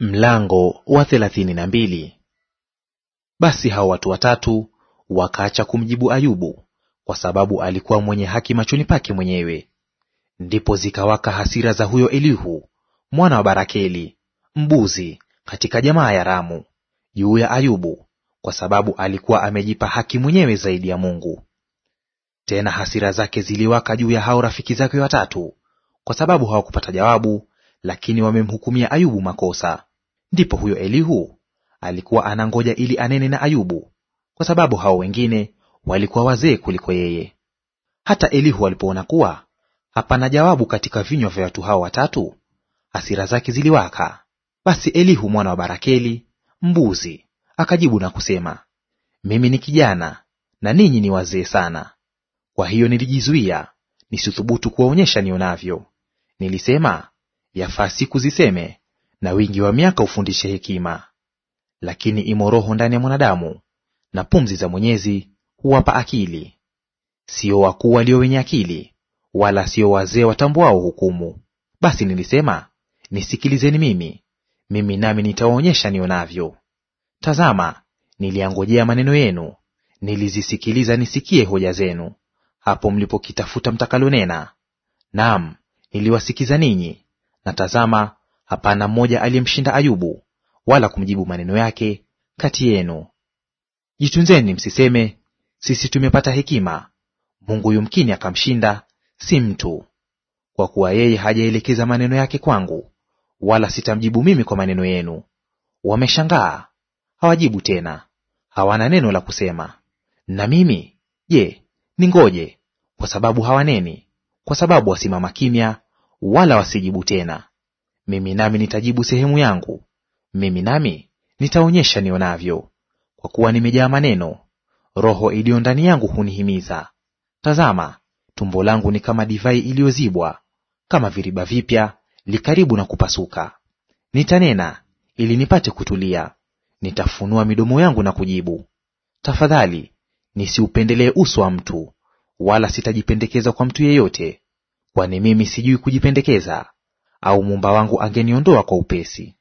Mlango wa thelathini na mbili. Basi hao watu watatu wakaacha kumjibu Ayubu, kwa sababu alikuwa mwenye haki machoni pake mwenyewe. Ndipo zikawaka hasira za huyo Elihu mwana wa Barakeli mbuzi katika jamaa ya Ramu juu ya Ayubu, kwa sababu alikuwa amejipa haki mwenyewe zaidi ya Mungu. Tena hasira zake ziliwaka juu ya hao rafiki zake watatu, kwa sababu hawakupata jawabu, lakini wamemhukumia Ayubu makosa. Ndipo huyo Elihu alikuwa anangoja ili anene na Ayubu, kwa sababu hao wengine walikuwa wazee kuliko yeye. Hata Elihu alipoona kuwa hapana jawabu katika vinywa vya watu hao watatu, hasira zake ziliwaka. Basi Elihu mwana wa Barakeli mbuzi akajibu na kusema, mimi ni kijana na ninyi ni wazee sana, kwa hiyo nilijizuia nisithubutu kuwaonyesha nionavyo. Nilisema, yafaa siku ziseme na wingi wa miaka hufundishe hekima. Lakini imo roho ndani ya mwanadamu, na pumzi za Mwenyezi huwapa akili. Sio wakuu walio wenye akili, wala sio wazee watambuao hukumu. Basi nilisema, nisikilizeni mimi, mimi nami nitawaonyesha nionavyo. Tazama, niliangojea maneno yenu, nilizisikiliza nisikie hoja zenu, hapo mlipokitafuta mtakalonena. Naam, niliwasikiza ninyi, na tazama hapana mmoja aliyemshinda Ayubu, wala kumjibu maneno yake kati yenu. Jitunzeni msiseme, sisi tumepata hekima, Mungu yumkini akamshinda, si mtu. Kwa kuwa yeye hajaelekeza maneno yake kwangu, wala sitamjibu mimi kwa maneno yenu. Wameshangaa, hawajibu tena, hawana neno la kusema. Na mimi je, ningoje? Kwa sababu hawaneni, kwa sababu wasimama kimya, wala wasijibu tena mimi nami nitajibu sehemu yangu, mimi nami nitaonyesha nionavyo. Kwa kuwa nimejaa maneno, roho iliyo ndani yangu hunihimiza. Tazama, tumbo langu ni kama divai iliyozibwa, kama viriba vipya likaribu na kupasuka. Nitanena ili nipate kutulia, nitafunua midomo yangu na kujibu. Tafadhali nisiupendelee uso wa mtu, wala sitajipendekeza kwa mtu yeyote, kwani mimi sijui kujipendekeza, au muumba wangu angeniondoa kwa upesi.